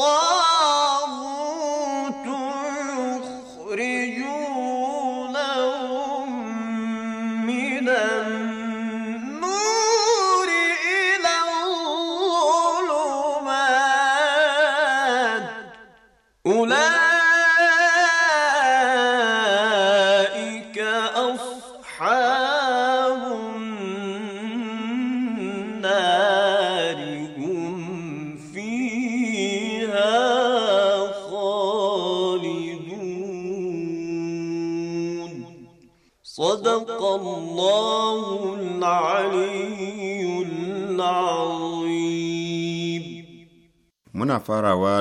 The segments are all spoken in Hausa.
قال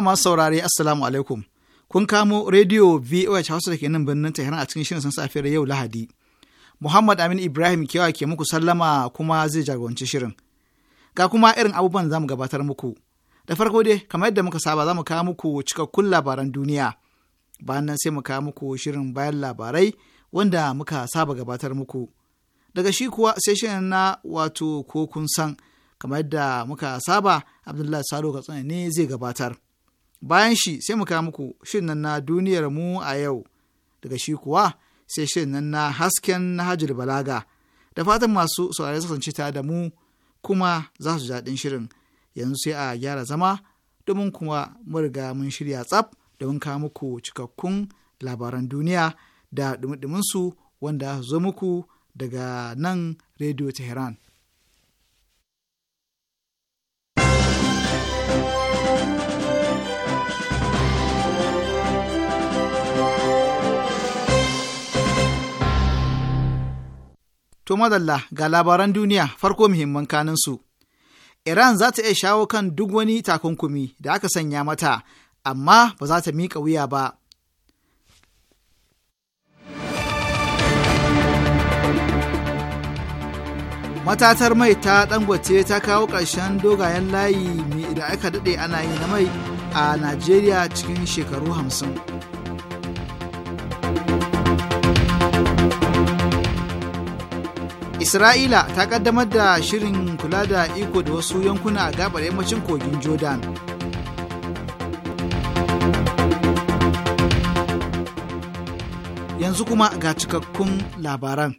masu saurare Assalamu alaikum. Kun kamo rediyo VOH Hausa da ke nan birnin Tehran a cikin shirin san safiyar yau Lahadi. Muhammad Amin Ibrahim kewa ke muku sallama kuma zai jagoranci shirin. Ga kuma irin abubuwan za mu gabatar muku. Da farko dai, kamar yadda muka saba za mu kawo muku cikakkun labaran duniya. Bayan nan sai mu kawo muku shirin bayan labarai wanda muka saba gabatar muku. Daga shi kuwa sai shirin na wato ko kun san kamar yadda muka saba Abdullahi Salo ga ne zai gabatar. bayan shi sai mu kawo muku shirin nan na duniyar mu a yau daga shi kuwa sai shirin nan na hasken nahajul balaga da fatan masu saurari su ta da mu kuma za su daɗin shirin yanzu sai a gyara zama domin kuma mu riga mun shirya tsaf domin kawo muku cikakkun labaran duniya da dumi su wanda zo muku daga nan rediyo Tehran. To madalla ga labaran duniya farko muhimman kaninsu. Iran za ta iya shawo kan duk wani takunkumi da aka sanya mata, amma ba za ta miƙa wuya ba. Matatar mai ta dangote ta kawo ƙarshen dogayen layi da aka daɗe ana yi na mai a Najeriya cikin shekaru hamsin. Isra'ila ta kaddamar da shirin kula da iko da wasu yankuna a gabar yammacin kogin Jordan. Yanzu kuma ga cikakkun labaran.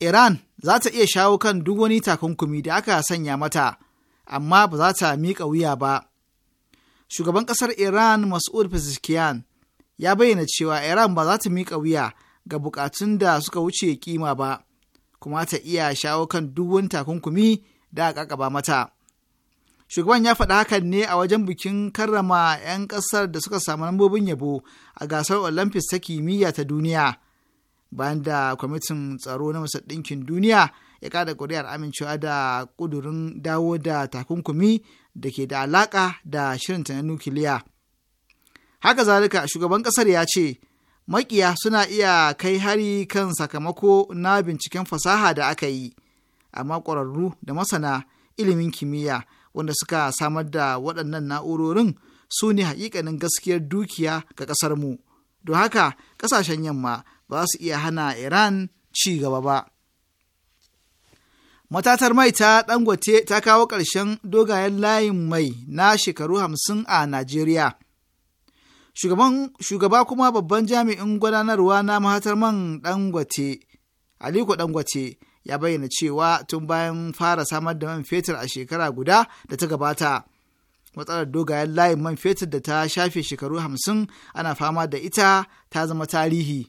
Iran za ta iya shawo kan duk wani takunkumi da aka sanya mata, amma ba za ta miƙa wuya ba. Shugaban ƙasar Iran Mas'ud Pezeshkian ya bayyana cewa Iran ba za ta miƙa wuya ga bukatun da suka wuce kima ba. kuma ta iya shawo kan duk wani takunkumi da aka kaba mata. Shugaban ya faɗa hakan ne a wajen bikin karrama 'yan ƙasar da suka samu lambobin yabo a gasar Olympics ta kimiyya ta duniya. Bayan da kwamitin tsaro na Masar Ɗinkin Duniya ya kada ƙuri'ar amincewa da ƙudurin dawo da takunkumi da ke da alaƙa da shirinta na nukiliya. Haka zalika shugaban ƙasar ya ce maƙiya suna iya kai hari kan sakamako na binciken fasaha da aka yi amma ƙwararru da masana ilimin kimiyya wanda suka samar da waɗannan na'urorin su ne haƙiƙanin gaskiyar dukiya ga ƙasarmu don haka ƙasashen yamma ba su iya hana iran ci gaba ba matatar mai ta dangote ta kawo ƙarshen dogayen layin mai na shekaru hamsin a najeriya shugaban shugaba kuma babban jami'in gudanarwa na mahatar man Dangote, Aliko Dangote, ya bayyana cewa tun bayan fara samar da man fetur a shekara guda da ta gabata. Matsalar dogayen layin man fetur da ta shafe shekaru hamsin ana fama da ita ta zama tarihi.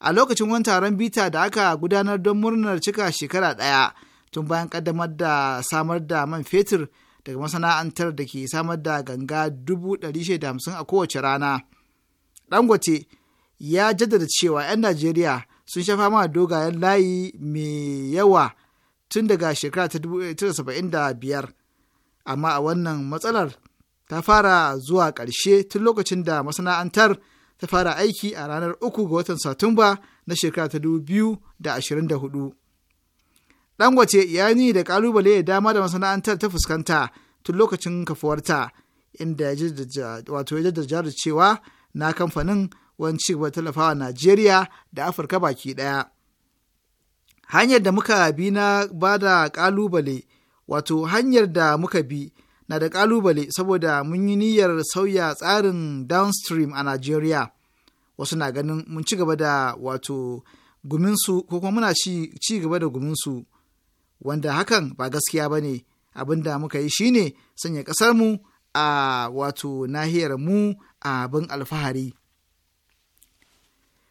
A lokacin wani taron bita da aka gudanar don murnar cika shekara ɗaya, tun bayan ƙaddamar da samar da man fetur daga masana'antar da ke samar da ganga dubu ɗari shida hamsin a kowace rana. Dangote ya jaddada cewa 'yan Najeriya sun sha fama dogayen layi mai yawa tun daga shekara ta dubu biyar, amma a wannan matsalar ta fara zuwa ƙarshe tun lokacin da masana'antar ta fara aiki a ranar uku ga watan Satumba na shekara ta dubu biyu da da ashirin hudu. Dangote ya yi da ƙalubale ya dama da masana'antar ta fuskanta tun lokacin kafuwarta inda ya jaddada cewa na kamfanin wani ci gaba tallafawa Najeriya da Afirka baki ɗaya. Hanyar da muka bi na ba da ƙalubale, wato hanyar da muka bi na da ƙalubale saboda mun yi niyyar sauya tsarin downstream a Najeriya. Wasu na ganin mun ci gaba da wato guminsu ko kuma muna ci gaba da guminsu. wanda hakan ba gaskiya ba ne abin da muka yi shine sanya ƙasarmu a wato nahiyar mu a abin alfahari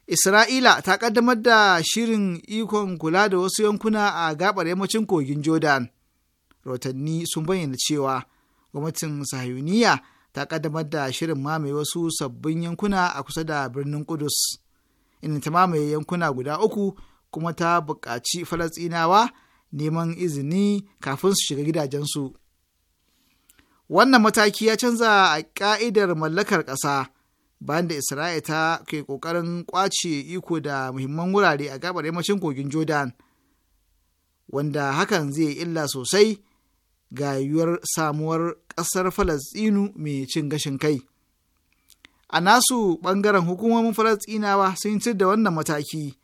isra'ila ta ƙaddamar da shirin ikon kula da wasu yankuna a gabar yammacin kogin jordan rotanni sun bayyana cewa gwamnatin sahiyuniya ta ƙaddamar da shirin mamaye wasu sabbin yankuna a kusa da birnin kudus inda ta mamaye yankuna guda uku kuma ta buƙaci falasɗinawa neman izini kafin su shiga gidajensu. Wannan mataki ya canza a ƙa'idar mallakar ƙasa bayan da Isra'ila ta ke ƙoƙarin ƙwace iko da muhimman wurare a gabar yammacin kogin Jordan, wanda hakan zai illa sosai ga yiwuwar samuwar ƙasar Falasɗinu mai cin gashin kai. A nasu ɓangaren hukumomin Falasɗinawa sun da wannan mataki,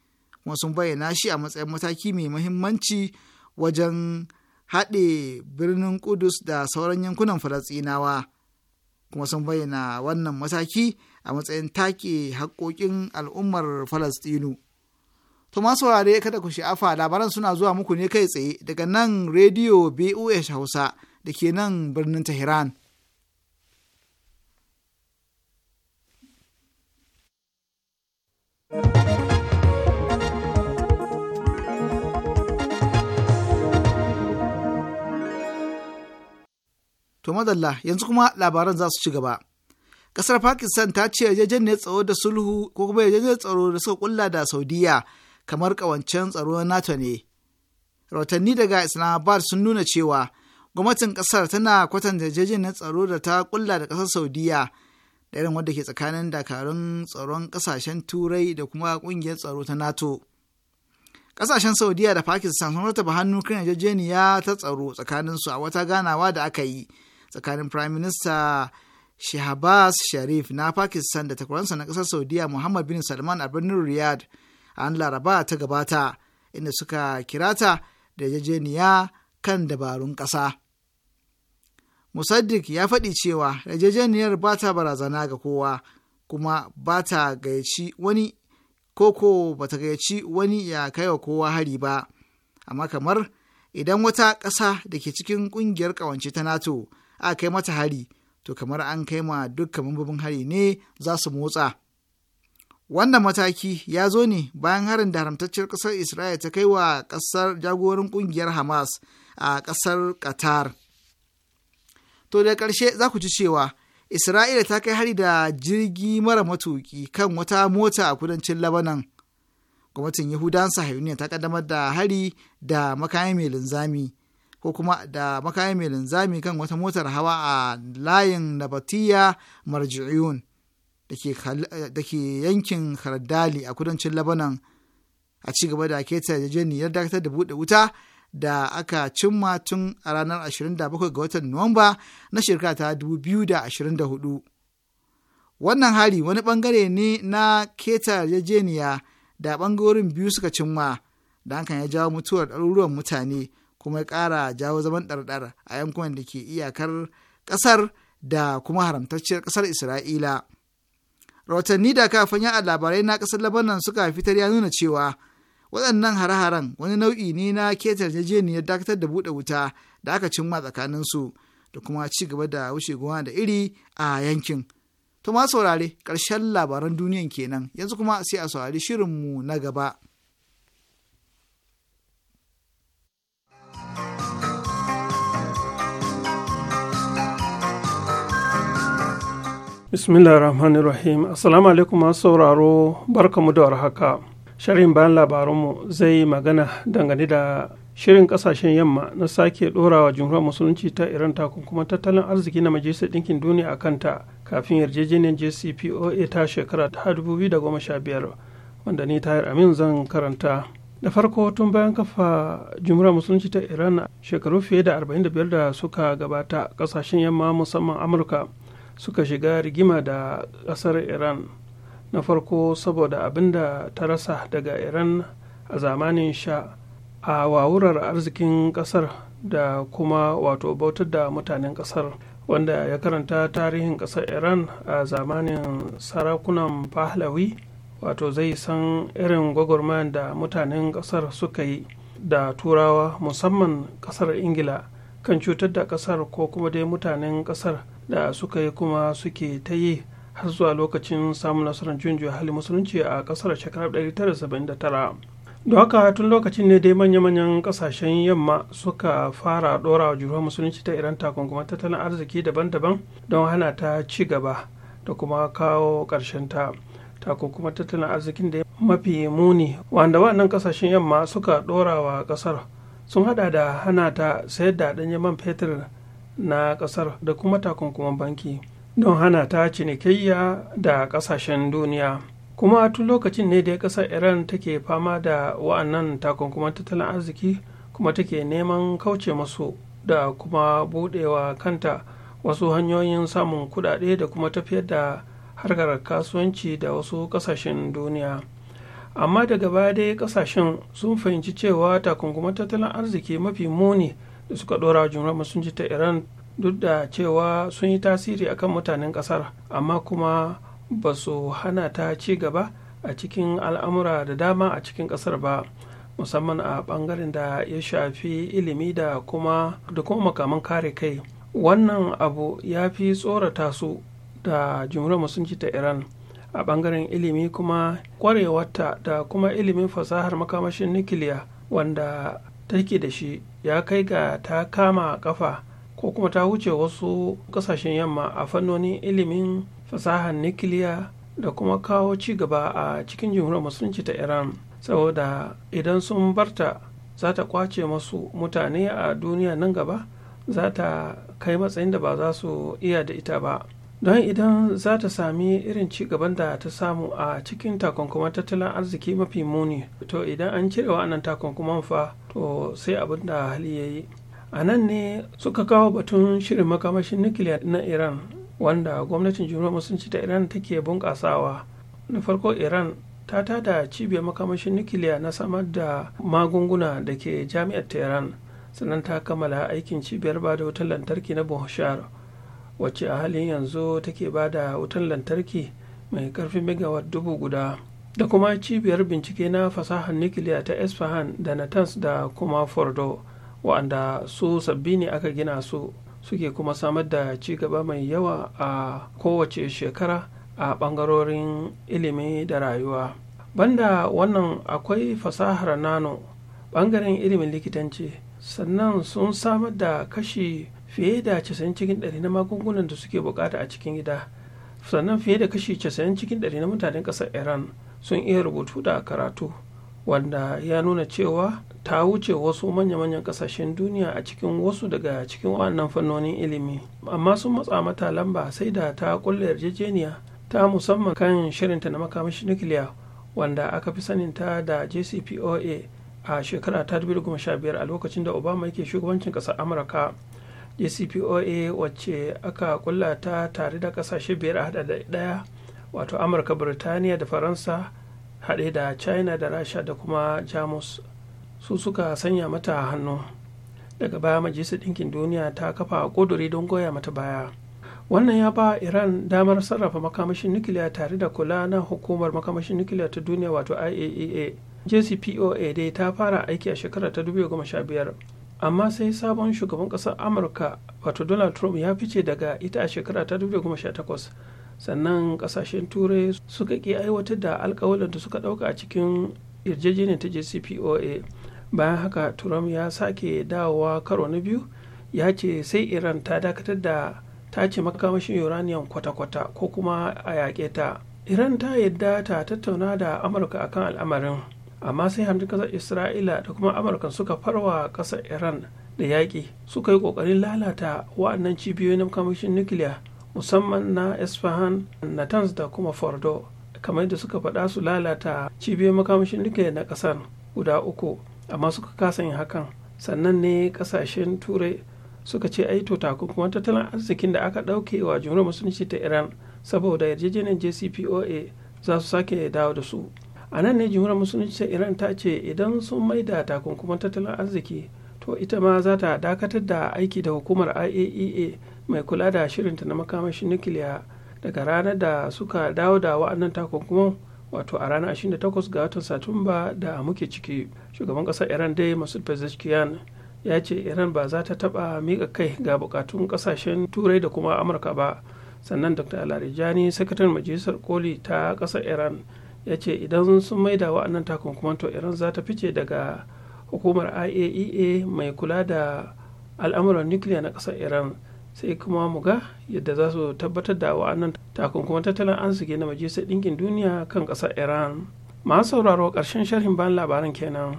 kuma sun bayyana shi a matsayin mataki mai muhimmanci wajen haɗe birnin Kudus da sauran yankunan Falasɗinawa, kuma sun bayyana wannan mataki a matsayin take haƙoƙin al'ummar Falasɗinu. To masu saurare kada ku sha'afa labaran suna zuwa muku ne kai tsaye daga nan rediyo BUH Hausa da ke nan birnin Tehran. To madalla yanzu kuma labaran za su ci gaba. Kasar Pakistan ta ce yarjejeniyar tsaro da sulhu ko kuma yarjejeniyar tsaro da suka kulla da Saudiya kamar kawancen tsaro na NATO ne. Rahotanni daga Islamabad sun nuna cewa gwamnatin kasar tana kwatanta yarjejeniyar tsaro da ta kula da kasar Saudiya da irin wanda ke tsakanin dakarun tsaron kasashen Turai da kuma kungiyar tsaro ta NATO. Kasashen Saudiya da Pakistan sun rataba hannu kan yarjejeniya ta tsaro tsakanin su a wata ganawa da aka yi. tsakanin Prime Minister shahabas Sharif na Pakistan da takwaransa na ƙasar Saudiya Muhammad bin Salman a birnin riyad an Laraba ta gabata inda suka kirata da yarjejeniya kan dabarun ƙasa. Musaddik ya faɗi cewa yarjejeniyar ba ta barazana ga kowa kuma ba ta gayyaci wani koko ba ta gayyaci wani ya kaiwa kowa hari ba, amma kamar idan wata ƙasa da ke cikin ƙungiyar ƙawance ta NATO a kai mata hari to kamar an kai ma dukkan mambobin hari ne za su motsa wannan mataki ya zo ne bayan harin da haramtacciyar ƙasar isra'ila ta kai wa ƙasar jagorin ƙungiyar hamas a ƙasar qatar to da ƙarshe za ku ci cewa isra'ila ta kai hari da jirgi mara matuƙi kan wata mota a kudancin labanan gwamnatin yahudan sahayuniya ta kaddamar da hari da makami mai linzami ko kuma da makami mai linzami kan wata motar hawa a layin nabatiya marjiyun da ke yankin kardali a kudancin labanan a ci gaba da keta yarjejeniyar dakatar da buɗe wuta da aka cimma tun a ranar 27 ga watan nuwamba na shekara ta 2024 wannan hari wani bangare ne na keta yarjejeniya da bangarorin biyu suka cimma da hankan ya jawo mutuwar ɗaruruwan mutane kuma ya ƙara jawo zaman ɗarɗar a yankunan da ke iyakar ƙasar da kuma haramtacciyar ƙasar Isra'ila. Rahotanni da kafin yaɗa labarai na ƙasar Labanan suka fitar ya nuna cewa waɗannan hare-haren wani nau'i ne na keta yarjejeniyar dakatar da buɗe wuta da aka cimma tsakaninsu da kuma ci gaba da wuce goma da iri a yankin. To ma saurare ƙarshen labaran duniyan kenan yanzu kuma sai a saurari shirinmu na gaba. Bismillahirrahmanirrahim. Assalamu alaikum masu sauraro barkamu da haka Sharhin bayan labarunmu zai magana dangane da shirin kasashen yamma na sake ɗorawa jumhuriyar musulunci ta Iran kuma tattalin arziki na majalisar ɗinkin duniya a kanta kafin yarjejeniyar JCPOA ta shekara ta 2015 wanda ni tahir amin zan karanta. Da farko tun bayan kafa jumhuriyar musulunci ta Iran shekaru fiye da 45 da suka gabata kasashen yamma musamman Amurka suka shiga rigima da ƙasar iran na farko saboda abin da ta rasa daga iran a zamanin sha a wawurar arzikin ƙasar da kuma wato bautar da mutanen ƙasar wanda ya karanta tarihin ƙasar iran a zamanin sarakunan pahlawi wato zai san irin gwagwarmayar da mutanen ƙasar suka yi da turawa musamman ƙasar ingila kan cutar da ƙasar ko kuma dai mutanen ƙasar da suka yi kuma suke ta yi har zuwa lokacin samun nasarar junjiya hali musulunci a kasar shekarar 1979 don haka tun lokacin ne dai manya-manyan kasashen yamma suka fara dora wa juruwar musulunci ta iran takunkuma tattalin arziki daban-daban don hana ta ci gaba da kuma kawo ƙarshen ta takunkuma tattalin arzikin da mafi muni wanda waɗannan kasashen yamma suka dora wa ƙasar sun hada da hana ta sayar da ɗanyen man fetur na kasar da kuma takunkuman banki don hana ta cinikayya da kasashen duniya kuma tun lokacin ne da kasar iran take fama da wa'annan takunkuman tattalin arziki kuma take neman kauce masu da kuma buɗewa kanta wasu hanyoyin samun kuɗaɗe da kuma tafiyar da harkar kasuwanci da wasu kasashen duniya amma daga baya dai kasashen sun fahimci cewa takunkuman tattalin arziki mafi muni da suka dora jumhuriyar musulunci ta iran duk da cewa sun yi tasiri akan mutanen kasar amma kuma ba su hana ta ci gaba a cikin al'amura da dama a cikin kasar ba musamman a bangaren da ya shafi ilimi da kuma da kuma makaman kare kai wannan abu ya fi tsorata su da jumhuriyar musulunci ta iran a bangaren ilimi kuma kwarewarta da kuma ilimin fasahar makamashin nukiliya wanda take da shi ya kai ga ta kama kafa ko kuma ta wuce wasu kasashen yamma a fannonin ilimin fasahar nikiliya da kuma kawo ci gaba a cikin jimhuriyar musulunci ta iran saboda idan sun barta za ta kwace masu mutane a duniya nan gaba za ta kai matsayin da ba za su iya da ita ba don idan za ta sami irin ci gaban da ta samu a cikin takunkuman tattalin arziki mafi muni to idan an cire wa'annan takunkuman fa to sai abin da hali ya yi a nan ne suka kawo batun shirin makamashin nukiliya na iran wanda gwamnatin jumhuriyar musulunci ta iran take bunƙasawa na farko iran ta tada cibiyar makamashin nukiliya na samar da magunguna da ke jami'ar tehran sannan ta kammala aikin cibiyar ba da wutar lantarki na bohshar wacce a halin yanzu take ba da wutan lantarki mai karfin megawatt dubu guda da kuma cibiyar bincike na fasahar nukiliya ta isfahan da natans da kuma fordo wa'anda su sabbi ne aka gina su suke kuma samar da ci gaba mai yawa a kowace shekara a ɓangarorin ilimi da rayuwa banda wannan akwai fasahar nano bangaren ilimin likitanci sannan sun samar da kashi fiye da 90 cikin ɗari na magungunan da suke bukata a cikin gida sannan fiye da kashi 90 cikin ɗari na mutanen ƙasar iran sun iya rubutu da karatu wanda ya nuna cewa ta wuce wasu manya-manyan ƙasashen duniya a cikin wasu daga cikin wannan fannonin ilimi amma sun matsa mata lamba sai da ta kulle yarjejeniya ta musamman kan shirinta na makamashi nukiliya wanda aka fi saninta da jcpoa a shekara ta 2015 a lokacin da obama yake shugabancin ƙasar amurka jcpoa wacce aka kulla ta tare da kasashe biyar a hada da daya wato amurka birtaniya da faransa haɗe da china da rasha da kuma jamus su suka sanya mata hannu daga baya majalisar ɗinkin duniya ta kafa ƙuduri don goya mata baya wannan ya ba iran damar sarrafa makamashin nukiliya tare da kula na hukumar makamashin nukiliya ta duniya wato iaea jcpoa dai ta fara aiki a shekarar ta 2015 amma sai sabon shugaban ƙasar amurka wato donald trump ya fice daga ita a shekara ta 2018 sannan kasashen turai suka ƙi aiwatar da alkawalin da suka ɗauka a cikin yarjejeniyar ta jcpoa bayan haka trump ya sake dawowa karo na biyu ya ce sai iran ta dakatar da ta tace makamashin uranium kwata-kwata ko kuma a yaƙe ta iran ta yadda ta tattauna da amurka akan al'amarin amma sai hamdi kasar isra'ila da kuma amurka suka farwa kasar iran da yaƙi suka yi ƙoƙarin lalata wa'annan cibiyoyi na makamashin nukiliya musamman na isfahan natanz da kuma fordo kamar da suka faɗa su lalata cibiyoyin makamashin nukiliya na ƙasar guda uku amma suka kasa yin hakan sannan ne ƙasashen turai suka ce aito kuma tattalin arzikin da aka ɗauke wa jumhuriyar musulunci ta iran saboda yarjejeniyar jcpoa za su sake dawo da su a nan ne jimura musulunci ta iran ta ce idan sun maida takunkuman tattalin arziki to ita ma za ta dakatar da aiki da hukumar iaea e mai kula da shirinta na makamashin nukiliya daga ranar da suka dawo da wa'annan takunkuman wato a ranar 28 ga watan satumba da muke ciki shugaban kasar iran dai masud pezeshkian ya ce iran ba za ta taba mika kai ga bukatun kasashen turai da kuma amurka ba sannan dr alarijani sakataren majalisar koli ta kasar iran ya ce idan sun maida wa'annan takunkuman to iran za ta fice daga hukumar iaea e mai kula da al'amuran nukiliya na ƙasar iran sai kuma mu ga yadda za su tabbatar da wa'annan takunkuman tattalin arziki na majalisar ɗinkin duniya kan ƙasar iran masu sauraro ƙarshen sharhin bayan labaran kenan.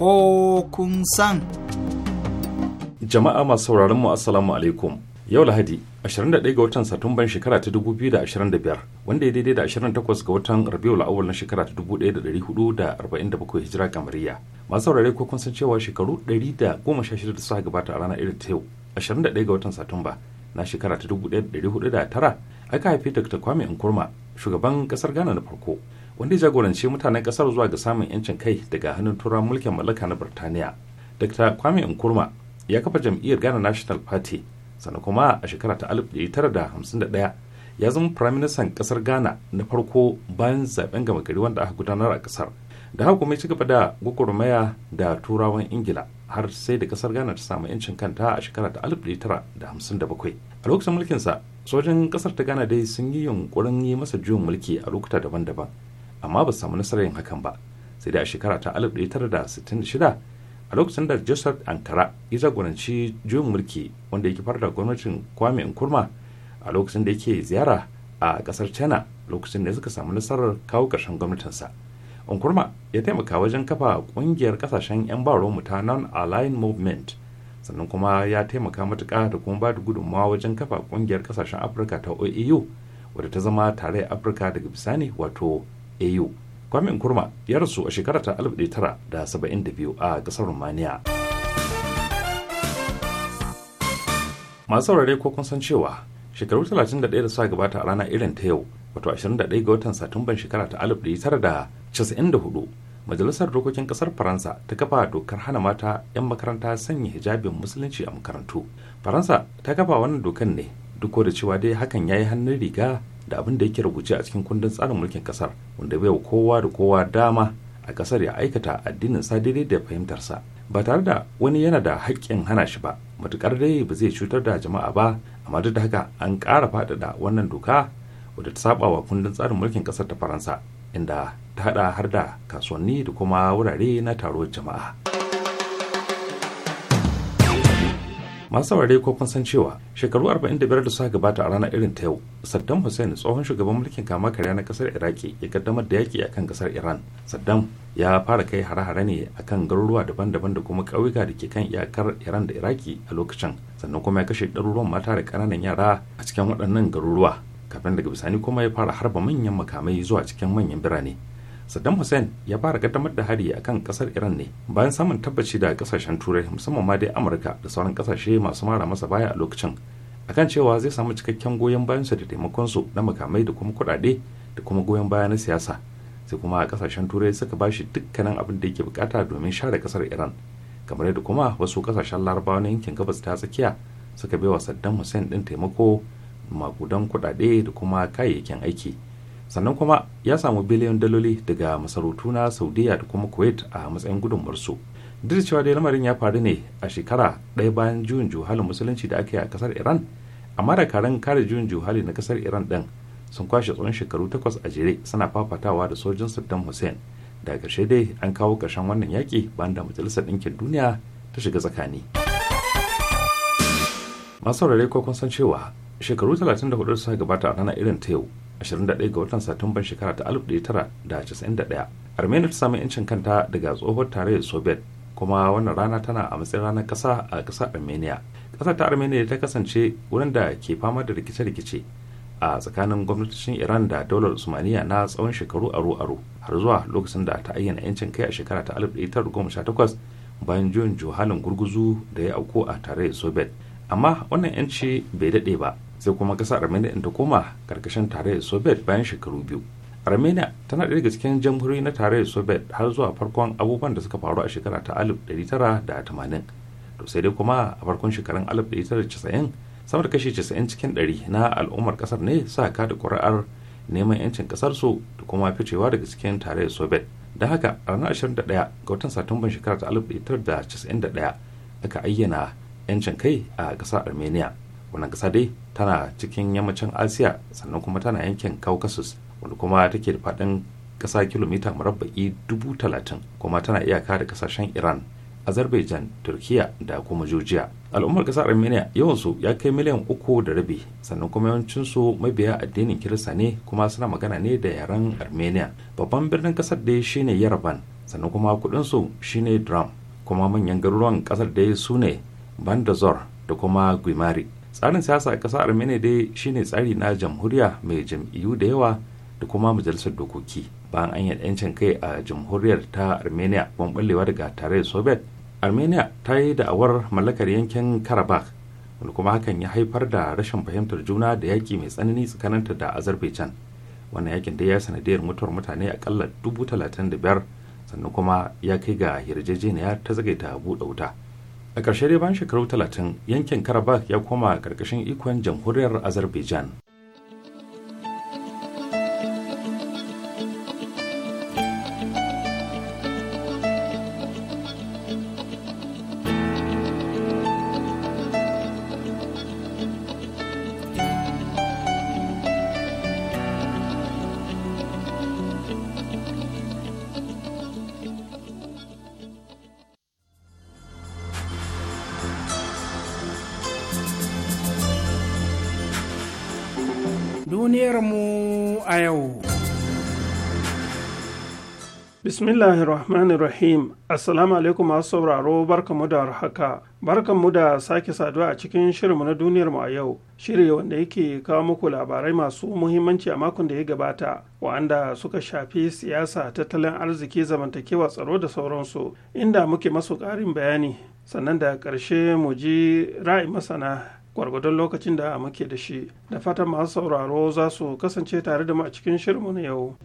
ko kun san. Jama'a masu sauraronmu mu Assalamu alaikum. Yau Lahadi, 21 ga watan Satumban shekara ta 2025, wanda ya daidai da 28 ga watan Rabiul Awwal na shekara ta 1447 Hijira kamariya. Masu saurare ko kun san cewa shekaru 116 da suka gabata a ranar irin ta yau, 21 ga watan Satumba na shekara ta 1409, aka haifi Dr. Kwame Nkrumah, shugaban kasar Ghana na farko. wanda ya jagoranci mutanen kasar zuwa ga samun yancin kai daga hannun turawan mulkin mallaka na birtaniya dr kwame nkrumah ya kafa jam'iyyar ghana national party sana kuma a shekara ta 1951 ya zama firaministan kasar ghana na farko bayan zaben gama gari wanda aka gudanar a kasar da haka kuma ya ci gaba da gwagwarmaya da turawan ingila har sai da kasar ghana ta samu yancin kanta a shekara ta 1957 a lokacin mulkinsa sojin kasar ta ghana dai sun yi yunkurin yi masa juyin mulki a lokuta daban-daban amma ba su samu nasarar yin hakan ba sai dai a shekara ta 1966 a lokacin da joseph ankara ya jagoranci juyin mulki wanda ya kifar da gwamnatin kwame nkurma a lokacin da yake ziyara a kasar china lokacin da suka samu nasarar kawo ƙarshen sa nkurma ya taimaka wajen kafa ƙungiyar kasashen 'yan mu ta non-aligned movement sannan kuma ya taimaka matuƙa da kuma ba da gudunmawa wajen kafa ƙungiyar kasashen afirka ta oeu wadda ta zama tare afirka daga bisani wato au kwamin kurma ya rasu a shekara ta 1972 a kasar romania masu saurare ko kun san cewa shekaru 31 da suka gabata a rana irin ta yau wato 21 ga watan satumban shekara ta 1994 majalisar dokokin kasar faransa ta kafa dokar hana mata 'yan makaranta sanya hijabin musulunci a makarantu faransa ta kafa wannan dokan ne duk da cewa dai hakan ya yi hannun riga da abin da yake rubuce a cikin kundin tsarin mulkin kasar wanda bai wa kowa da kowa dama a kasar ya aikata addinin sa daidai da fahimtarsa ba tare da wani yana da haƙƙin hana shi ba matukar dai ba zai cutar da jama'a ba amma duk da haka an ƙara faɗaɗa wannan doka wadda ta saba wa kundin tsarin mulkin kasar ta faransa inda ta haɗa har da kasuwanni da kuma wurare na taro jama'a. masu saurare ko kun san cewa shekaru 45 da suka gabata a ranar irin ta yau saddam hussein tsohon shugaban mulkin kama karya na kasar iraki ya kaddamar da yaki akan kasar iran saddam ya fara kai hare-hare ne akan garuruwa daban-daban da kuma ƙauyuka da ke kan iyakar iran da iraki a lokacin sannan kuma ya kashe ɗaruruwan mata da ƙananan yara a cikin waɗannan garuruwa kafin daga bisani kuma ya fara harba manyan makamai zuwa cikin manyan birane saddam hussein ya fara kaddamar da hari akan kasar iran ne bayan samun tabbaci da kasashen turai musamman ma dai amurka da sauran kasashe masu mara masa baya a lokacin akan cewa zai samu cikakken goyon bayan bayansu da taimakon su na makamai da kuma kudade da kuma goyon baya na siyasa sai kuma a kasashen turai suka ba shi dukkanin abin da yake bukata domin share kasar iran kamar yadda kuma wasu kasashen larabawa na yankin gabas ta tsakiya suka bai wa saddam hussein din taimako makudan kudade da kuma kayayyakin aiki sannan kuma ya samu biliyan daloli daga masarautu na saudiya da kuma kuwait a matsayin gudunmarsu. duk da cewa dai lamarin ya faru ne a shekara ɗaya bayan juyin juhalin musulunci da aka yi a kasar iran amma da karen kare juyin juhali na kasar iran ɗin sun kwashe tsawon shekaru takwas a jere suna fafatawa da sojin saddam hussein da ƙarshe dai an kawo ƙarshen wannan yaƙi bayan da majalisar ɗinkin duniya ta shiga tsakani masu saurare ko kun san cewa shekaru talatin da hudu 34 suka gabata a ranar irin ta yau 21 ga watan satumban shekara ta 1991 armenia ta sami yancin kanta daga tsohon tarayyar soviet kuma wannan rana tana a matsayin ranar kasa a kasa armenia kasar ta armenia ta kasance wurin da ke fama da rikice-rikice a tsakanin gwamnatocin iran da daular usmaniya na tsawon shekaru aro-aro har zuwa lokacin da ta ayyana yancin kai a shekara ta 1918 bayan juyin juhalin gurguzu da ya auku a tarayyar soviet amma wannan yanci bai daɗe ba sai kuma kasa armenia ta koma karkashin tarayyar soviet bayan shekaru biyu armenia tana ɗaya daga cikin jamhuri na tarayyar soviet har zuwa farkon abubuwan da suka faru a shekara ta 1980 to sai dai kuma a farkon shekarun 1990 sama da kashi 90 cikin 100 na al'ummar kasar ne sa ka da ƙuri'ar neman 'yancin kasar su da kuma ficewa daga cikin tarayyar soviet da haka a ranar 21 ga watan satumban shekara ta 1991 aka ayyana 'yancin kai a ƙasar armenia wannan kasa dai tana cikin yammacin asiya sannan kuma tana yankin caucasus wanda kuma take da faɗin kasa kilomita murabba'i dubu talatin kuma tana iyaka da kasashen iran azerbaijan turkiya da kuma georgia al'ummar ƙasar armenia yawansu ya kai miliyan uku da rabi sannan kuma yawancinsu mabiya addinin kirista ne kuma suna magana ne da yaren armenia babban birnin ƙasar dai shine yaraban sannan kuma kuɗinsu shine drum kuma manyan garuruwan ƙasar dai su ne bandazor da kuma guimari tsarin siyasa a ƙasar armenia dai shine tsari na jamhuriya mai jam'iyyu da yawa da kuma majalisar dokoki bayan an yi yancin kai a jamhuriyar ta armenia ban ɓallewa daga tarayyar soviet armenia ta yi da awar mallakar yankin karabakh wanda kuma hakan ya haifar da rashin fahimtar juna da yaƙi mai tsanani tsakaninta da azerbaijan wannan yakin dai ya sanadiyar mutuwar mutane akalla dubu talatin da biyar sannan kuma ya kai ga yarjejeniya ta zagaita buɗe wuta a ƙarshe dai bayan shekaru 30 yankin karabakh ya koma ƙarƙashin ikon jamhuriyar azerbaijan Bismillahirrahmanirrahim. assalamu alaikum masu sauraro mu da haka mu da sake saduwa a cikin shirinmu na duniyarmu a yau shiri wanda yake kawo muku labarai masu muhimmanci a makon da ya gabata wa'anda suka shafi siyasa tattalin arziki zamantakewa tsaro da sauransu inda muke masu ƙarin bayani sannan da ƙarshe mu ji ra'ayi masana gwargwadon lokacin da muke da shi da fatan masu sauraro za su kasance tare da mu a cikin shirinmu na yau.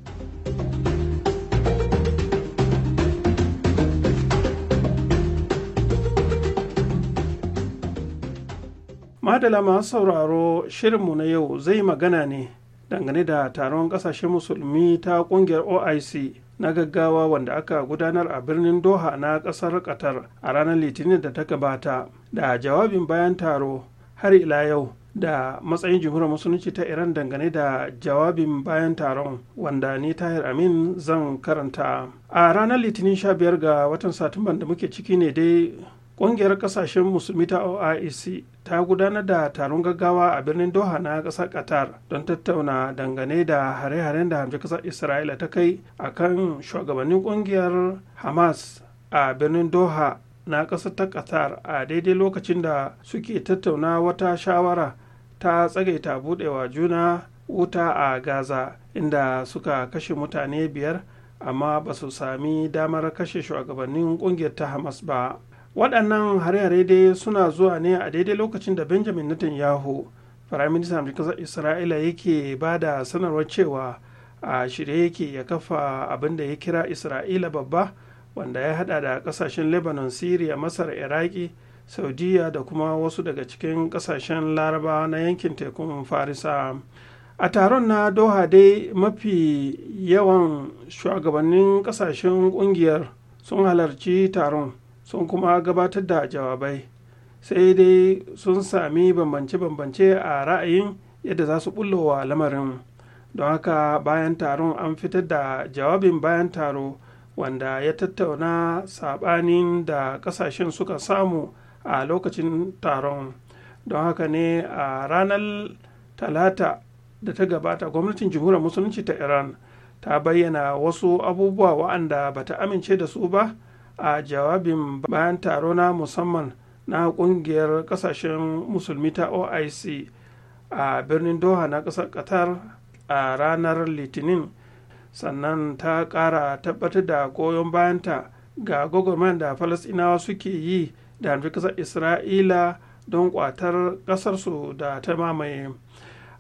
madala masu sauraro shirinmu na yau zai magana ne dangane da taron kasashen musulmi ta kungiyar oic na gaggawa wanda aka gudanar a birnin doha na kasar qatar a ranar litinin da ta gabata da jawabin bayan taro har ila yau da matsayin jimhuriyar musulunci ta iran dangane da jawabin bayan taron wanda ni tahir amin zan karanta a ranar litinin 15 ga watan satumban da muke ciki ne dai ƙungiyar ƙasashen musulmi ta oic ta gudanar da taron gaggawa a birnin doha na ƙasar qatar don tattauna dangane da hare-haren da hamshe ƙasar isra'ila ta kai a kan shugabannin ƙungiyar hamas a birnin doha na ƙasar ta qatar a daidai lokacin da suke tattauna wata shawara ta tsagaita buɗewa juna wuta a gaza inda suka kashe mutane biyar amma ba su sami damar kashe shugabannin ƙungiyar ta hamas ba waɗannan hare-hare dai suna zuwa ne a daidai lokacin da benjamin netanyahu firaministan ƙasar isra'ila yake ba da sanarwar cewa a shirye yake ya kafa abin da ya kira isra'ila babba wanda ya hada da kasashen lebanon syria masar iraki saudiya da kuma wasu daga cikin kasashen laraba na yankin tekun farisa a taron na doha dai mafi yawan shugabannin kasashen kungiyar sun halarci taron sun kuma gabatar da jawabai sai dai sun sami bambance-bambance a ra'ayin yadda za su wa lamarin don haka bayan taron an fitar da jawabin bayan taro wanda ya tattauna saɓanin da ƙasashen suka samu a lokacin taron don haka ne a ranar talata da ta gabata gwamnatin jamhuriyar musulunci ta iran ta bayyana wasu abubuwa wa'anda ta amince da su ba a jawabin bayan taro na musamman na kungiyar kasashen musulmi ta oic a birnin doha na ƙasar qatar a ranar litinin sannan ta ƙara tabbatar da goyon bayanta ga gwagwarmayar da falasinawa suke yi da hamfi ƙasar isra'ila don ƙwatar ƙasarsu da ta mamaye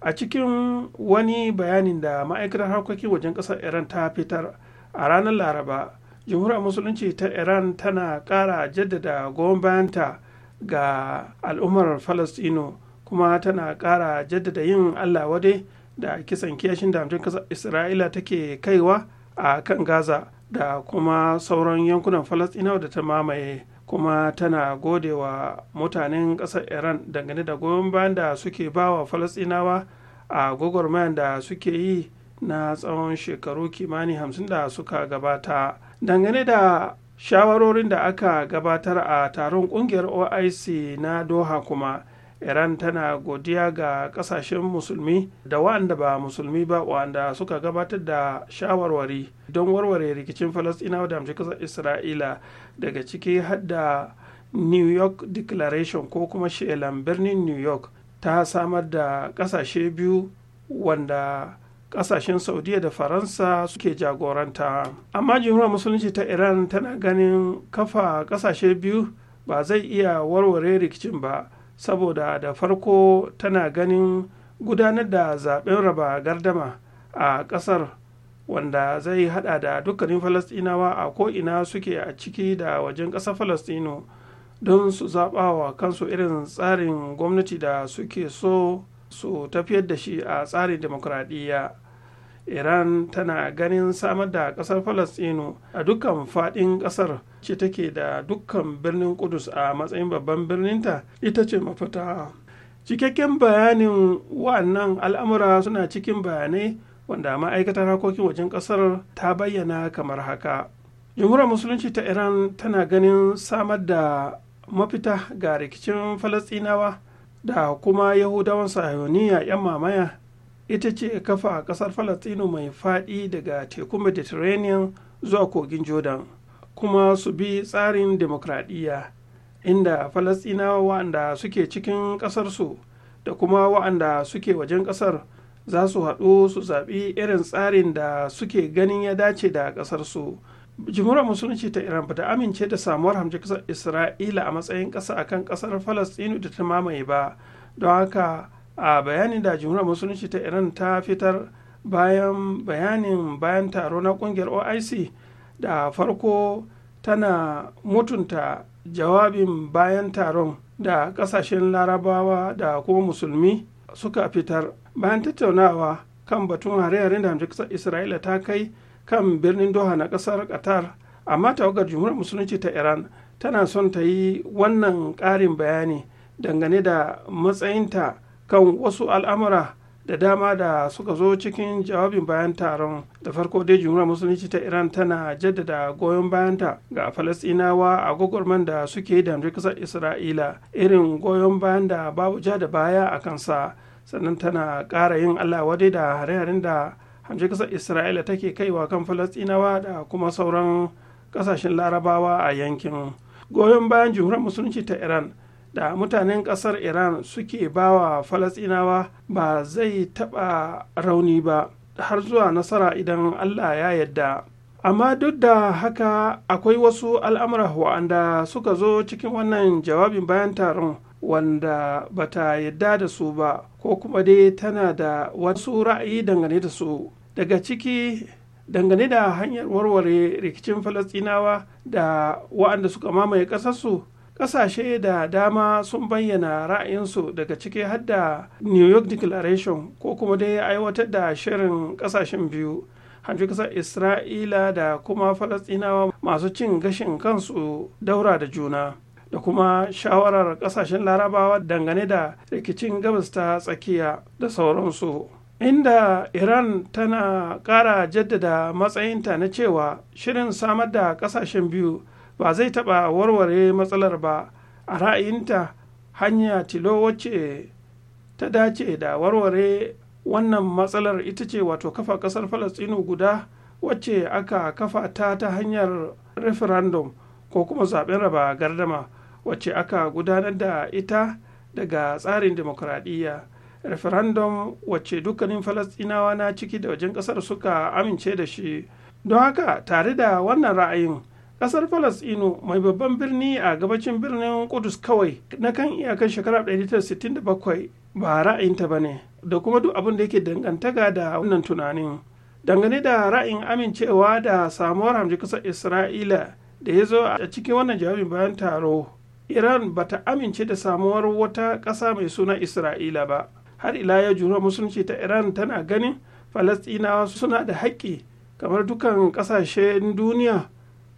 a cikin wani bayanin da ma'aikatar harkokin wajen ƙasar iran ta fitar a ranar laraba jamhuriyar musulunci ta iran tana kara jaddada goyon bayanta ga al'ummar falastino kuma tana kara jaddada yin allah wade da kisan kiyashin da hamsin isra'ila take kaiwa a kan gaza da kuma sauran yankunan falastinawa da ta mamaye kuma tana gode wa mutanen ƙasar iran dangane da goyon bayan da suke bawa falastinawa a gwagwarmayan da suke yi na tsawon shekaru kimanin hamsin da suka gabata dangane da shawarorin da aka gabatar a taron kungiyar oic na doha kuma iran tana godiya ga kasashen musulmi da wa'anda ba musulmi ba wa'anda suka gabatar da shawarwari don warware rikicin falasɗinawa da amshi kasar isra'ila daga ciki hadda new york declaration ko kuma shelan birnin new york ta samar da kasashe biyu wanda kasashen saudiya da faransa suke jagoranta amma jumhuriyar musulunci ta iran tana ganin kafa kasashe biyu ba zai iya warware rikicin ba saboda da farko tana ganin gudanar da zaben raba gardama a kasar wanda zai hada da dukkanin falastinawa a ko'ina suke a ciki da wajen ƙasar falastino don su zaɓa wa kansu irin tsarin gwamnati da suke so su tafiyar da shi a tsarin demokuraɗiyya iran tana ganin samar da ƙasar falastinu a dukkan faɗin ƙasar ce take da dukkan birnin kudus a matsayin babban birninta ita ce mafita cikakken bayanin wannan al'amura suna cikin bayanai wanda ma'aikatar harkokin wajen ƙasar ta bayyana kamar haka jamhuriyar musulunci ta iran tana ganin samar da mafita ga rikicin falastinawa da kuma yahudawan sayoniya 'yan mamaya ita ce kafa ƙasar falastinu mai faɗi daga tekun mediterranean zuwa kogin jordan kuma su bi tsarin demokradiyya inda falastinawa waɗanda suke cikin ƙasarsu da kuma waɗanda suke wajen ƙasar za su haɗu su zaɓi irin tsarin da suke ganin ya dace da ƙasarsu jimhuriyar musulunci ta iran bata amince da samuwar hamshe kasar isra'ila a matsayin ƙasa kan ƙasar falastinu da ta mamaye ba don haka a bayanin da jimura musulunci ta iran ta fitar bayan bayanin bayan taro na ƙungiyar oic da farko tana mutunta jawabin bayan taron da ƙasashen larabawa da kuma musulmi suka fitar bayan tattaunawa kan batun hare-haren da hamshe kasar isra'ila ta kai kan birnin doha na kasar qatar amma tawagar jumhuriyar musulunci ta iran tana son ta yi wannan ƙarin bayani dangane da matsayinta kan wasu al'amura da dama da suka zo cikin jawabin bayan taron da farko dai jumhuriyar musulunci ta iran tana jaddada goyon bayanta ga falasinawa a gwagwarman da suke da kasar isra'ila irin goyon bayan da babu ja da baya a kansa sannan tana ƙara yin allah wadai da hare-haren da hanci kasar isra'ila take kaiwa kan falastinawa da kuma sauran kasashen larabawa a yankin goyon bayan jihuran musulunci ta iran da mutanen kasar iran suke bawa falastinawa ba zai taba rauni ba har zuwa nasara idan allah ya yadda amma duk da haka akwai wasu al'amura wa'anda suka zo cikin wannan jawabin bayan taron wanda bata yadda da su ba ko kuma dai tana da wasu ra'ayi dangane da su daga ciki dangane da hanyar warware rikicin falastinawa da wa'anda suka mamaye ƙasarsu ƙasashe da dama sun bayyana ra'ayinsu daga ciki hadda new york declaration ko kuma dai aiwatar da shirin ƙasashen biyu hanci ƙasar isra'ila da kuma falastinawa masu cin gashin kansu daura da juna da kuma shawarar kasashen larabawa dangane da rikicin gabas ta tsakiya da sauransu inda iran tana kara jaddada matsayinta na cewa shirin samar da kasashen biyu ba zai taɓa warware matsalar ba a ra'ayinta hanya tilo wacce ta dace da warware wannan matsalar ita ce wato kafa ƙasar falastinu guda wacce aka kafa ta ta hanyar referendum ko kuma zaɓen raba gardama wacce aka gudanar da ita daga tsarin demokuraɗiyya referendum wacce dukkanin Falasɗinawa na ciki da wajen ƙasar suka amince da shi don haka tare da wannan ra'ayin ƙasar Falasɗinu mai babban birni a gabacin birnin kudus kawai na kan iyakar shekarar 1967 ba ra'ayinta ba ne da kuma duk abin da yake dangantaka da wannan tunanin dangane da ra'ayin amincewa da samuwar hamji ƙasar isra'ila da ya zo a cikin wannan jawabin bayan taro iran ba ta amince da samuwar wata ƙasa mai suna isra'ila ba har ila ya jura musulunci ta iran tana ganin falastinawa suna da haƙƙi kamar dukan ƙasashen duniya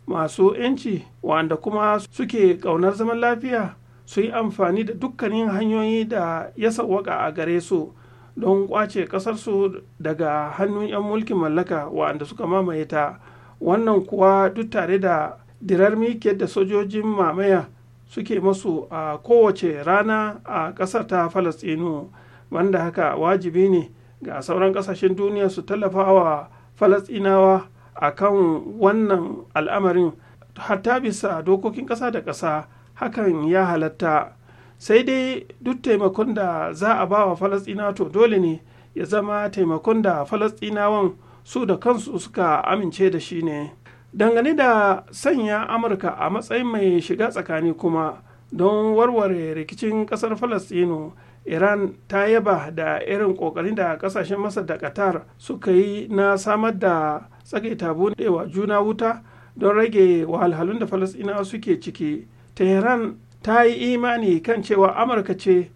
masu 'yanci wanda kuma suke ƙaunar zaman lafiya su yi amfani da dukkanin hanyoyi da ya sawwaka a gare su don ƙwace ƙasarsu daga hannun 'yan mulkin mallaka wanda suka mamaye ta wannan kuwa duk tare da dirar mikiyar da sojojin mamaya suke masu a kowace rana a ƙasar ta falastinu wanda haka wajibi ne ga sauran ƙasashen duniya su tallafa wa falastinawa a kan wannan al'amarin hatta bisa dokokin ƙasa da ƙasa hakan ya halatta sai dai duk taimakon da za a ba wa falastinawa to dole ne ya zama taimakon da falastinawan su da kansu suka amince da shi ne dangane da sanya amurka a matsayin mai shiga tsakani kuma don warware rikicin kasar falastino iran ta yaba da irin kokarin da kasashen masar da qatar suka yi na samar da tsagaita buɗewa juna wuta don rage wahalhalun da falastinawa suke ciki tehran ta yi imani kan cewa amurka ce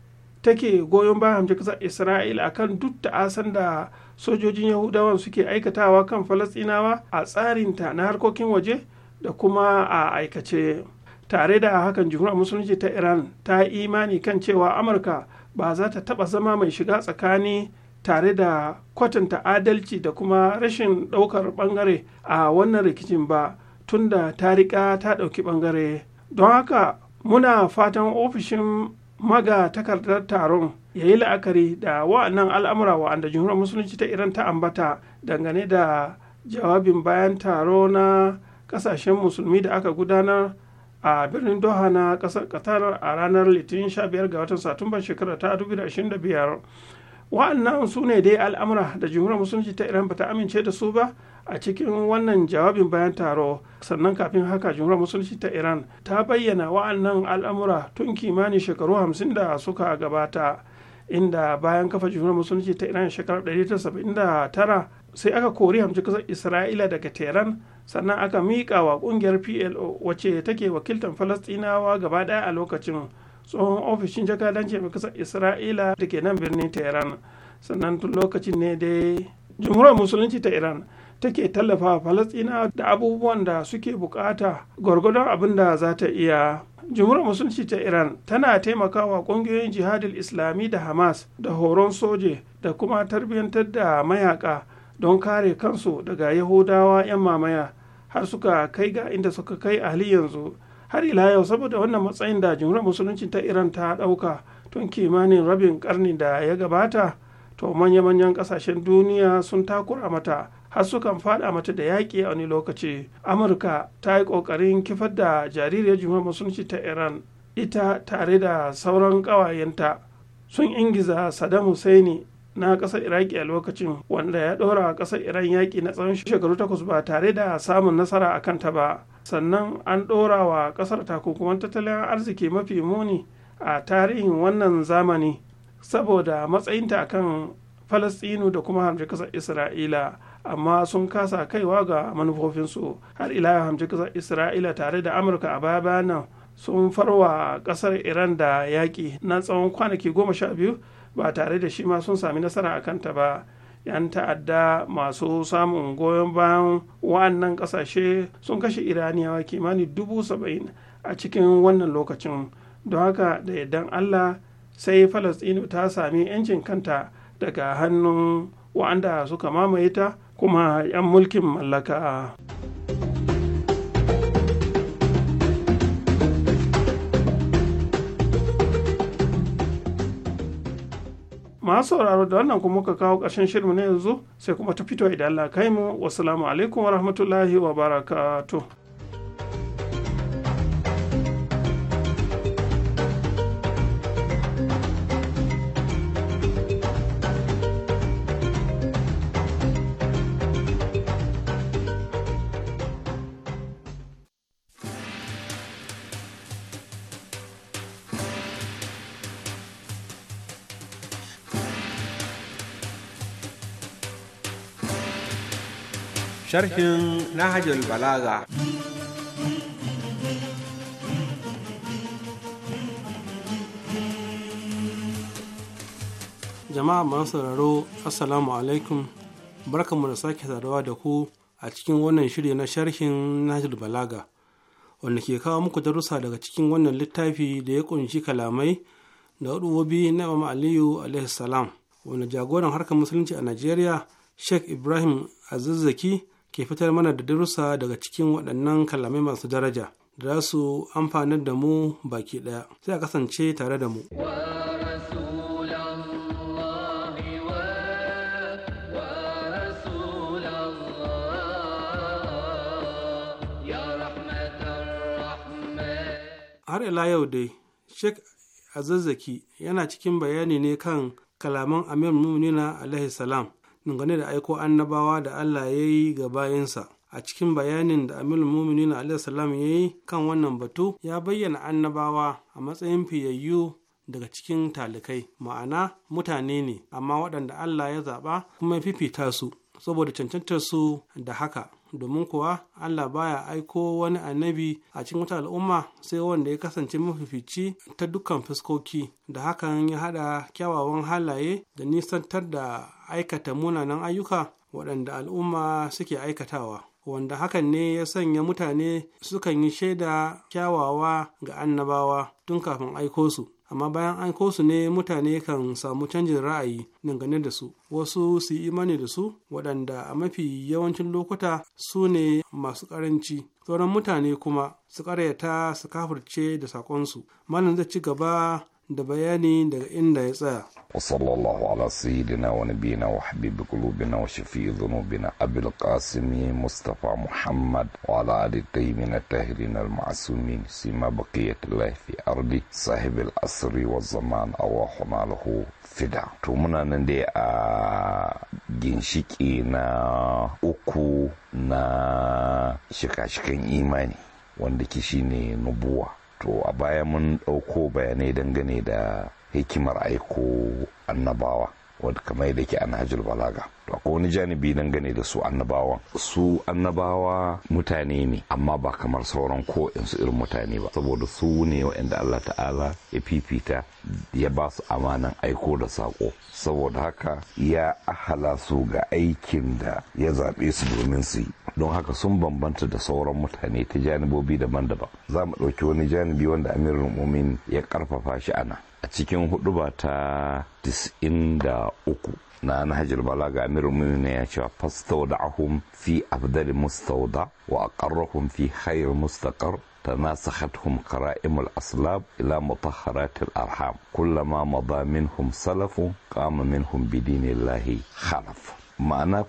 take goyon bayan hamjin kasar isra'ila akan duk ta'asan da sojojin yahudawan suke aikatawa kan falasɗinawa a tsarinta na harkokin waje da kuma a aikace tare da hakan jumhuriyar musulunci ta iran ta imani kan cewa amurka ba za ta taɓa zama mai shiga tsakani tare da kwatanta adalci da kuma rashin ɗaukar ɓangare a wannan rikicin ba tunda ta riƙa ta ɗauki ɓangare don haka muna fatan ofishin maga takardar taron ya yi la'akari da wa'annan al'amura wa'anda jumhuriyar musulunci ta iran ta ambata dangane da jawabin bayan taro na kasashen musulmi da aka gudanar a birnin doha na kasar qatar a ranar litinin 15 ga watan satumbar shekarar ta 2025 wa'annan su ne dai al'amura da jumhuriyar musulunci ta iran bata amince da su ba a cikin wannan jawabin bayan taro sannan kafin haka jumhuriyar musulunci ta iran ta bayyana wa'annan al'amura tun kimanin shekaru hamsin da suka gabata inda bayan kafa jumhuriyar musulunci ta iran shekarar 1979 sai aka kori hamci kasar isra'ila daga tehran sannan aka miƙa wa ƙungiyar plo wacce take wakiltar falastinawa gaba ɗaya a lokacin tsohon ofishin jakadanci mai kasar isra'ila da ke nan birnin tehran sannan tun lokacin ne dai jumhuriyar musulunci ta iran take tallafa falastina da abubuwan da suke bukata gwargwadon abin da za ta iya jumhuriyar musulunci ta iran tana taimakawa kungiyoyin jihadin islami da hamas da horon soje da kuma tarbiyyantar da mayaka don kare kansu daga yahudawa 'yan mamaya har suka kai ga inda suka kai a hali yanzu har ila yau saboda wannan matsayin da jumhuriyar musulunci ta iran ta dauka tun kimanin rabin karni da ya gabata to manya-manyan kasashen duniya sun takura mata har sukan fada mata da yaƙi a wani lokaci amurka ta yi ƙoƙarin kifar da jaririyar jumhuriyar musulunci ta iran ita tare da sauran ƙawayenta sun ingiza saddam husaini na ƙasar iraki a lokacin wanda ya ɗora ƙasar iran yaƙi na tsawon shekaru takwas ba tare da samun nasara a kanta ba sannan an ɗora wa ƙasar takunkuman tattalin arziki mafi muni a tarihin wannan zamani saboda matsayinta akan falastinu da kuma hamshe ƙasar isra'ila amma sun kasa kaiwa ga manufofinsu har ila hamci kasar isra'ila tare da amurka a baya bayan nan sun farwa kasar iran da yaƙi na tsawon kwanaki goma sha biyu ba tare da shi ma sun sami nasara a kanta ba yan ta'adda masu samun goyon bayan wa'annan kasashe sun kashe iraniyawa kimanin dubu saba'in a cikin wannan lokacin don haka da yardan allah sai falastinu ta sami 'yancin kanta daga hannun wa'anda suka mamaye ta kuma 'yan mulkin mallaka. masu sauraro da wannan kuma ka kawo ƙarshen shirin na yanzu sai kuma ta fito idan Allah kai mu wasu alaikum wa rahmatullahi wa barakatuh sharhin Nahajul Balaga. Jama'a masu sauraro Assalamu alaikum barkanmu da sake saduwa da ku a cikin wannan shiri na sharhin Nahajul Balaga wanda ke kawo muku darussa daga cikin wannan littafi da ya kunshi kalamai da wadubobi na Imam Aliyu alaihi salam wanda jagoran harkar musulunci a Najeriya Sheikh Ibrahim Azizzaki ke fitar mana da darussa daga cikin waɗannan kalamai masu daraja da za su amfanar da mu baki ɗaya sai a kasance tare da mu. har ila yau dai sheikh azazzaki yana cikin bayani ne kan kalaman amir mumunina alaihi salam dangane da aiko annabawa da Allah ya yi ga bayansa. A cikin bayanin da Amil Muminin salam ya yi kan wannan batu ya bayyana annabawa a matsayin fiyayyu daga cikin talikai ma'ana mutane ne amma waɗanda Allah ya zaɓa kuma ya fifita su saboda cancantar su da haka domin kuwa Allah baya aiko wani annabi a cikin wata al'umma sai wanda ya kasance mafifici ta dukkan fuskoki da hakan ya haɗa kyawawan halaye da nisantar da aikata munanan ayyuka waɗanda al'umma suke aikatawa wanda hakan ne ya sanya mutane sukan yi shaida kyawawa ga annabawa tun kafin aiko su amma bayan aiko su ne mutane kan samu canjin ra'ayi dangane da su wasu su yi imani da su waɗanda a mafi yawancin lokuta su ne masu ƙaranci sauran mutane kuma su ƙaryata su kafirce da saƙonsu malam zai ci gaba da bayani daga inda ya tsaya. Wasallallahu ala sayyidina wa nabiyina wa habibi kulubina wa shafi'i zunubina Abul Qasim Mustafa Muhammad wa ala ali tayyibina tahirin al-ma'sumin sima baqiyat Allah fi ardi sahib al wa zaman aw ahmalahu fida. To muna nan dai a ginshiƙi na uku na shikashikan imani. wanda ke shine nubuwa to a baya mun ɗauko bayanai dangane da hikimar aiko annabawa wadda kamar yadda ke hajjul balaga to akwai wani janibi dangane da su annabawan su annabawa mutane ne amma ba kamar sauran ko su irin mutane ba saboda su ne wa'anda Allah ta'ala ya fifita ya ba su amanan aiko da sako saboda haka ya ahala su ga aikin da ya zaɓe su domin su yi don haka sun bambanta da sauran mutane ta janibobi daban-daban za mu ɗauki wani janibi wanda amirin mumin ya ƙarfafa shi ana a cikin huduba ta 93 na nahajul balaga amirul ne ya cewa fastawda'ahum fi afdari mustauda wa aqarrahum fi khayr mustaqar تناسختهم قرائم الأصلاب إلى مطهرات arham kullama مضى minhum salafu قام minhum بدين الله خلف ma'ana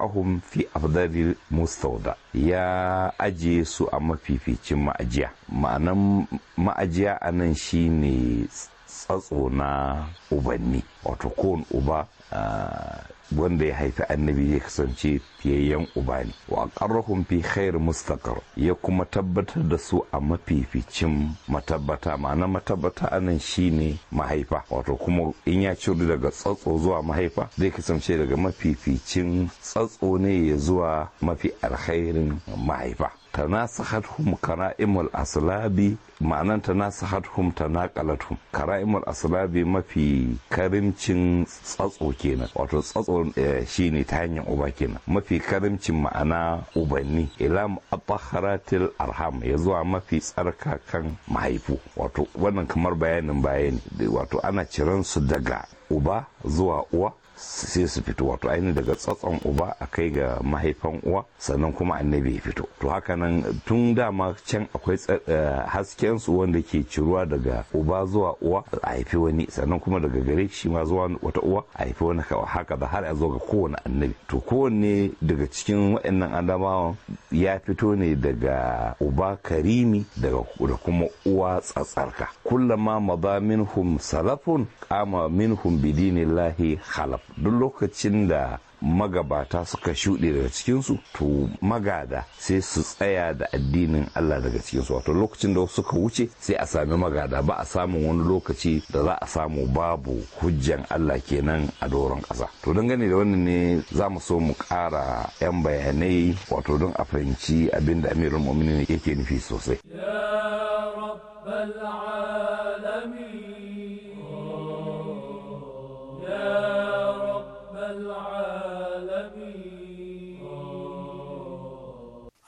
ahun fi afdari mustawda ya ajiye su a mafificin ma'ajiya ma'anan ma'ajiya a nan shi ne tsatso na ubanni wato kowane uba ah, wanda ya haifi annabi zai kasance fiyayyen uba ne wa qarrahum fi khair mustaqar ya kuma tabbatar da su a mafificin matabbata ma'ana matabbata anan shine mahaifa wato kuma in ya ciro daga tsatso zuwa mahaifa zai kasance daga mafificin tsatso ne ya zuwa mafi alkhairin mahaifa tanasahathum kara'imul aslabi ma'anan tanasahathum tanaqalathum kara'imul aslabi mafi karimcin tsatso kenan wato tsatso eh, shine ta hanyar uba kenan mafi karimcin ma'ana ubanni ila abaharatil arham ya zuwa mafi tsarka kan mahaifu wato wannan kamar bayanin bayani wato ana ciran su daga uba zuwa uwa sai su fito wato ainihin daga tsatson uba a kai ga mahaifan uwa sannan kuma annabi ya fito to haka nan tun dama can akwai eh, hasken su wanda ke ciruwa daga uba zuwa uwa a haifi wani sannan kuma daga gare shi ma zuwa wata uwa a haifi wani haka da har a zo ga kowane annabi to kowanne daga cikin waɗannan adamawan ya fito ne daga uba karimi daga da kuma uwa tsatsarka kullum ma maza minhum salafun kama minhum bidinillahi khalaf duk lokacin da magabata suka shuɗe daga cikinsu to magada sai su tsaya da addinin Allah daga cikinsu wato lokacin da suka wuce sai a sami magada ba a samun wani lokaci da za a samu babu hujjan Allah kenan a doron ƙasa to dangane da wannan ne za mu so mu ƙara 'yan bayanai wato don a fahimci abin da amirin yake nufi sosai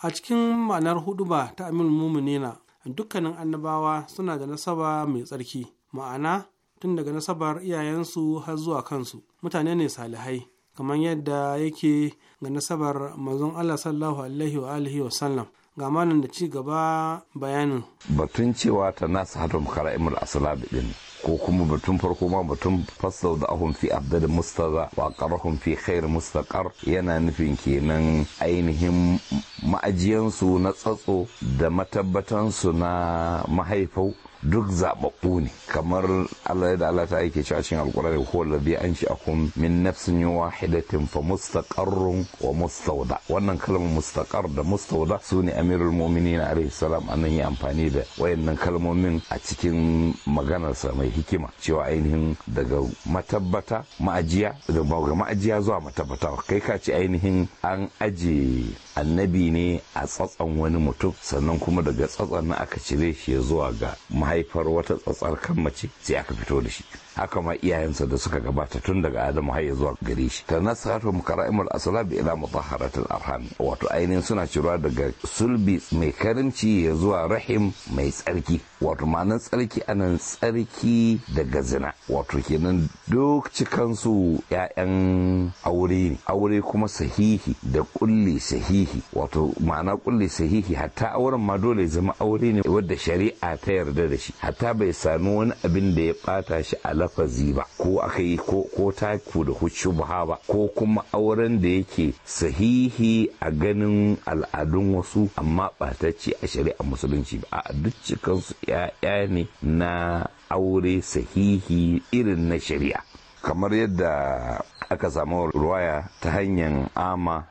a cikin ma'anar huduba ta aminu muminina dukkanin annabawa suna da nasaba mai tsarki ma'ana tun daga nasabar iyayensu har zuwa kansu mutane ne salihai kamar yadda yake ga nasabar mazun Allah sallahu alaihi wa alihi wa sallam ga malam da ci gaba bayanin batun cewa ta nasu imar asala da ɗin ko kuma batun farko ma batun fassal da ahun fi abdad mustaza wa qarahum fi khair mustaqar yana nufin kenan ainihin ma'ajiyansu na tsatso da matabbatansu na mahaifau duk zaɓaɓɓu ne kamar Allah da Allah ta yake cewa cikin alƙur'ani shi a kun min nafsin hidatin fa mustaqarrun wa mustauda wannan kalmar mustaqar da mustawda ne amirul mu'minin alaihi salam nan yi amfani da wayannan kalmomin a cikin maganarsa mai hikima cewa ainihin daga matabbata ma'ajiya zuwa matabbata kai ka ce ainihin an aje annabi ne a tsatson wani mutum sannan kuma daga tsatson na aka cire shi zuwa ga mahaifar wata tsatsar kan mace sai aka fito da shi haka ma iyayensa da suka gabata tun daga adamu har zuwa gare shi ta nasatu mukarramul aslab ila mutahharatil arham wato ainihin suna ciruwa daga sulbi mai karimci ya zuwa rahim mai tsarki wato ma'anar tsarki anan tsarki daga zina wato kenan duk su ya'yan aure ne aure kuma sahihi da kulli sahihi wato ma'ana kulli sahihi hatta auren ma dole zama aure ne wadda shari'a ta yarda da shi hatta bai sami wani abin da ya bata shi a lafazi ba ko aka yi ko taku da hushubha ba ko kuma auren da yake sahihi a ganin al'adun wasu amma ɓatacce a shari'a musulunci ba a duk cikansu 'ya'ya ne na aure sahihi irin na shari'a kamar yadda aka samu ruwaya ta hanyar ama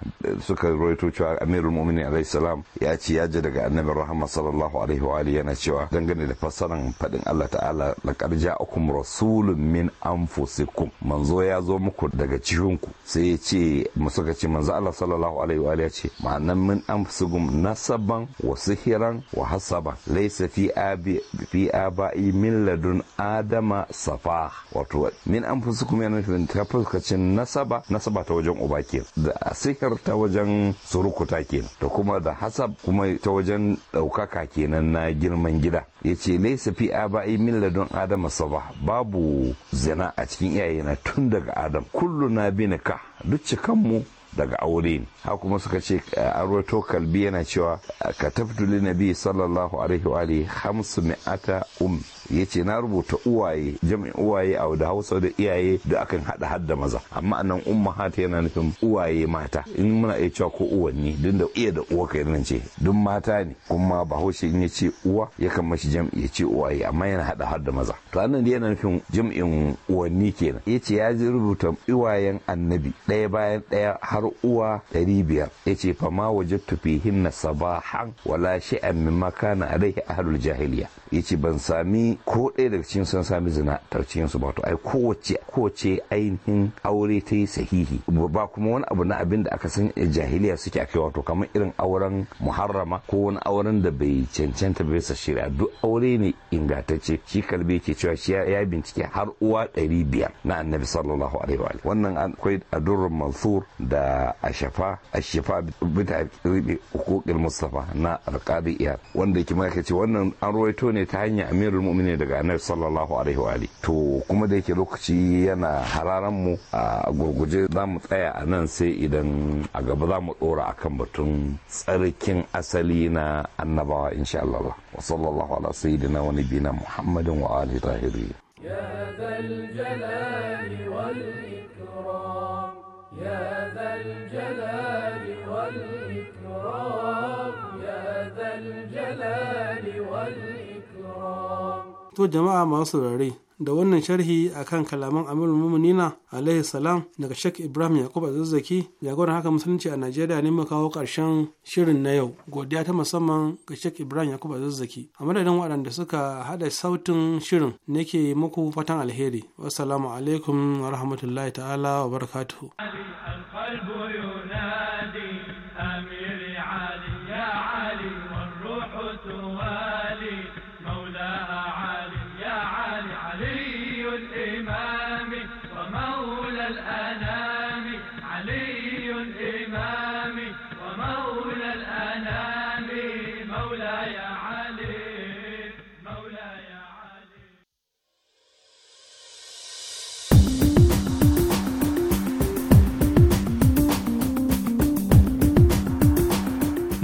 suka roito cewa amirul mu'minin alaihi salam ya ce ya ji daga annabi rahama sallallahu alaihi wa yana cewa dangane da fassaran fadin Allah ta'ala laqad ja'akum rasulun min anfusikum manzo ya zo muku daga cikinku sai ya ce suka ce manzo Allah sallallahu alaihi wa ya ce ma'anan min anfusikum nasaban wa sihiran wa hasaba laysa fi abi fi abai min ladun adama safa wato min anfusikum kuma yana nufin ta fuskacin nasaba nasaba ta wajen uba ke da sikar ta wajen surukuta ke da kuma da hasab kuma ta wajen ɗaukaka kenan na girman gida ya ce laisa fi aba'i min adam adama saba babu zina a cikin iyaye na tun daga adam kullu na bi ka duk cikanmu daga aure ne ha kuma suka ce arwato kalbi yana cewa ka na nabi sallallahu alaihi wa alihi hamsu mi'ata um ya ce na rubuta uwaye jami'in uwaye a da hausa da iyaye da akan hada hadda maza amma umma hata yana nufin uwaye mata in muna iya cewa ko uwanni Don da iya da uwa kai nan ce duk mata ne kuma bahaushe in ya ce uwa kan mashi jami'in ya ce uwaye amma yana hada hadda maza to anan dai yana nufin jami'in uwanni kenan ya ce ya ji rubuta uwayen annabi ɗaya bayan ɗaya har uwa ɗari biyar ya ce fama wajattu hinna sabahan wala shay'an mimma a alaihi ahlul jahiliya ya ce ban sami ko ɗaya daga cikin sun sami zina cikin su ba to ai kowace kowace ainihin aure ta yi sahihi ba kuma wani abu na abin da aka san jahiliya suke akai wato kamar irin auren muharrama ko wani auren da bai cancanta bai sa shari'a duk aure ne ingantacce shi kalbe ke cewa shi ya bincike har uwa ɗari biyar na annabi sallallahu alaihi wa wannan akwai adurrun mansur da a shafa bita ribe. hukukil mustafa na alqadi iyar wanda kuma ce wannan an ruwaito ne ta hanyar amirul mu'minin ne daga annabi sallallahu alaihi wa alihi to kuma da yake lokaci yana hararan mu a gurguje za mu tsaya a nan sai idan a gaba za mu dora akan batun tsarkin asali na annabawa insha Allah wa sallallahu ala sayyidina wa nabiyina muhammadin wa alihi jalali يا ذا ya والإكرام jalali ذا الجلال ya يا jalali الجلال والإكرام to jama'a masu saurari da wannan sharhi a kan kalaman amirul muminina alaihi salam daga shek ibrahim yakub ya jagoran haka musulunci a najeriya ne kawo karshen shirin na yau godiya ta musamman ga sheikh ibrahim yakub zazzaki a madadin waɗanda suka haɗa sautin shirin nake muku fatan alheri wassalamu alaikum wa rahmatullahi ta'ala wa barakatuhu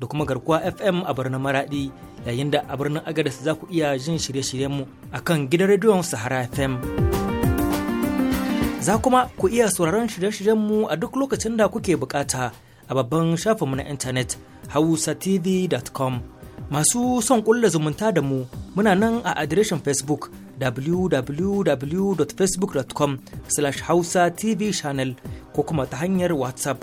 da kuma garkuwa FM a birnin Maradi yayin da a birnin Agadez za ku iya jin shirye-shiryenmu a kan gidan rediyon Sahara FM. Za kuma ku iya sauraron shirye-shiryenmu a duk lokacin da kuke bukata a babban shafinmu na intanet hausatv.com. Masu son kulla zumunta da mu muna nan a adireshin Facebook www.facebook.com/hausa tv channel ko kuma ta hanyar WhatsApp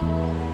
Thank you.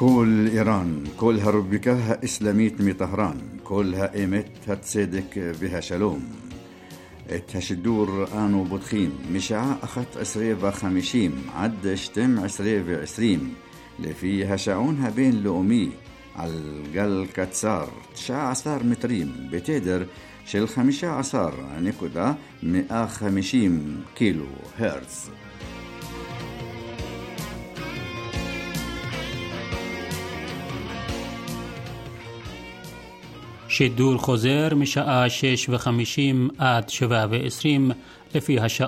كل إيران كلها ربكها إسلاميت مي طهران كلها إيمت هتصدق بها شلوم الدور آنو بدخيم مشاع أخت عسرية خمشيم عد شتم عسرية وعسريم لفيها شعونها بين لومي على قل كتسار تشاع عصار متريم بتدر شل خمشة عصار نكودا مئة خمشيم كيلو هرتز شدور خوزر میشه آشش و خمیشیم آد شوه و اسریم لفی هشا